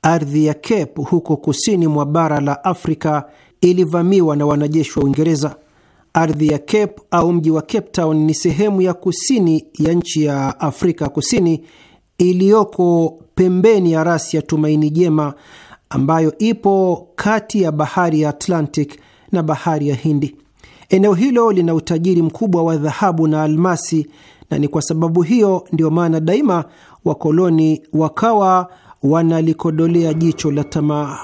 ardhi ya Cape huko kusini mwa bara la Afrika ilivamiwa na wanajeshi wa Uingereza. Ardhi ya Cape au mji wa Cape Town ni sehemu ya kusini ya nchi ya Afrika Kusini iliyoko pembeni ya rasi ya Tumaini Jema ambayo ipo kati ya bahari ya Atlantic na bahari ya Hindi. Eneo hilo lina utajiri mkubwa wa dhahabu na almasi, na ni kwa sababu hiyo ndio maana daima wakoloni wakawa wanalikodolea jicho la tamaa.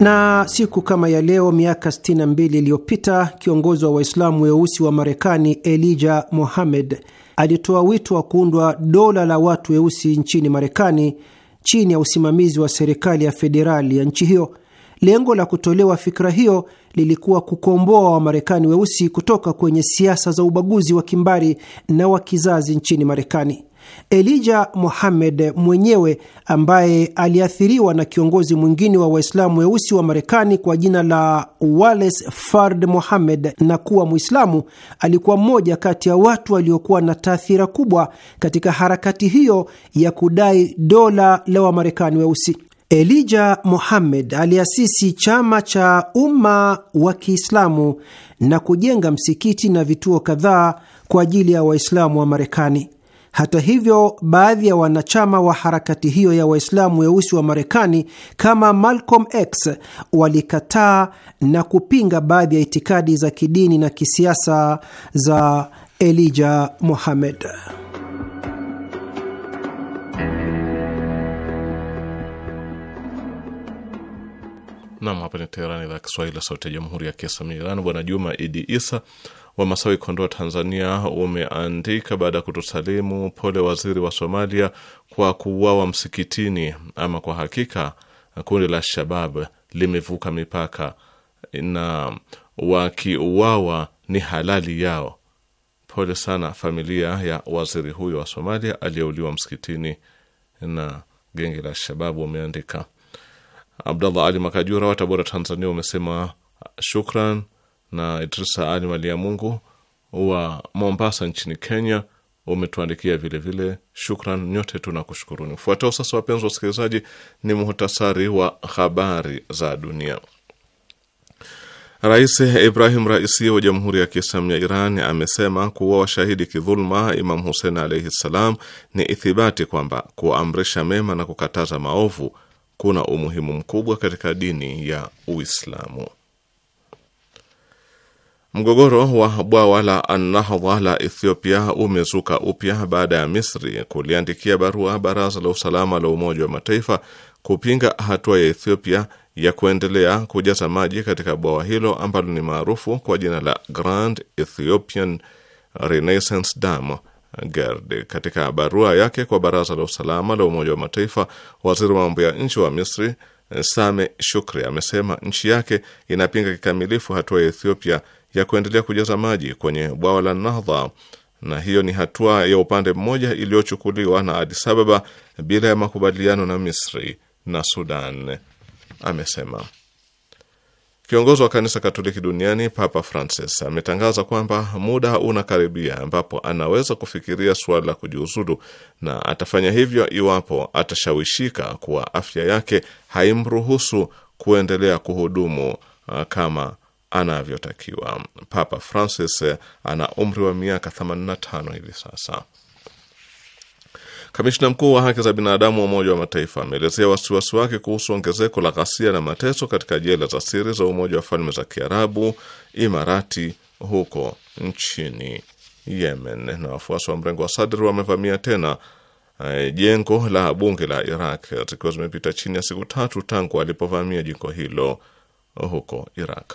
Na siku kama ya leo miaka 62 iliyopita kiongozi wa Waislamu weusi wa Marekani Elijah Muhammad alitoa wito wa kuundwa dola la watu weusi nchini Marekani chini ya usimamizi wa serikali ya federali ya nchi hiyo. Lengo la kutolewa fikra hiyo lilikuwa kukomboa Wamarekani weusi kutoka kwenye siasa za ubaguzi wa kimbari na wa kizazi nchini Marekani. Elijah Mohamed mwenyewe ambaye aliathiriwa na kiongozi mwingine wa Waislamu weusi wa Marekani kwa jina la Wallace Fard Mohamed na kuwa Mwislamu, alikuwa mmoja kati ya watu waliokuwa na taathira kubwa katika harakati hiyo ya kudai dola la Wamarekani weusi. Elija Muhammad aliasisi chama cha umma wa Kiislamu na kujenga msikiti na vituo kadhaa kwa ajili ya Waislamu wa Marekani. Hata hivyo, baadhi ya wanachama wa harakati hiyo ya Waislamu weusi wa Marekani kama Malcolm X walikataa na kupinga baadhi ya itikadi za kidini na kisiasa za Elijah Muhammad. Nam, hapa ni Teherani, idhaa ya Kiswahili, sauti ya jamhuri ya kiislamu Iran. Bwana Juma Idi Isa wa Masawi, Kondoa, Tanzania, umeandika baada ya kutusalimu, pole waziri wa Somalia kwa kuuawa msikitini. Ama kwa hakika kundi la Shabab limevuka mipaka na wakiuawa ni halali yao. Pole sana familia ya waziri huyo wa Somalia aliyeuliwa msikitini na genge la Shababu, wameandika Abdallah Ali Makajura wa Tabora, Tanzania, umesema shukran, na Idrisa Ali Mali ya Mungu wa Mombasa nchini Kenya umetuandikia vilevile, shukran. Nyote tunakushukuruni. Ufuatao sasa, wapenzi wasikilizaji, ni muhtasari wa habari za dunia. Rais Ibrahim Raisi wa Jamhuri ya Kiislamu ya Iran amesema kuwa washahidi kidhuluma Imam Husein alaihi ssalam ni ithibati kwamba kuamrisha mema na kukataza maovu kuna umuhimu mkubwa katika dini ya Uislamu. Mgogoro wa bwawa la Annahdha la Ethiopia umezuka upya baada ya Misri kuliandikia barua Baraza la Usalama la Umoja wa Mataifa kupinga hatua ya Ethiopia ya kuendelea kujaza maji katika bwawa hilo ambalo ni maarufu kwa jina la Grand Ethiopian Renaissance Dam Gerd. Katika barua yake kwa Baraza la Usalama la Umoja wa Mataifa, waziri wa mambo ya nchi wa Misri Same Shukri amesema nchi yake inapinga kikamilifu hatua ya Ethiopia ya kuendelea kujaza maji kwenye bwawa la Nahdha, na hiyo ni hatua ya upande mmoja iliyochukuliwa na Addis Ababa bila ya makubaliano na Misri na Sudan, amesema. Kiongozi wa kanisa Katoliki duniani Papa Francis ametangaza kwamba muda unakaribia ambapo anaweza kufikiria suala la kujiuzulu na atafanya hivyo iwapo atashawishika kuwa afya yake haimruhusu kuendelea kuhudumu uh, kama anavyotakiwa. Papa Francis uh, ana umri wa miaka 85 hivi sasa. Kamishna mkuu wa haki za binadamu wa Umoja wa Mataifa ameelezea wasiwasi wake kuhusu ongezeko la ghasia na mateso katika jela za siri za Umoja wa Falme za Kiarabu, Imarati, huko nchini Yemen. Na wafuasi wa mrengo wa Sadr wamevamia tena e, jengo la bunge la Iraq zikiwa zimepita chini ya siku tatu tangu alipovamia jengo hilo huko Iraq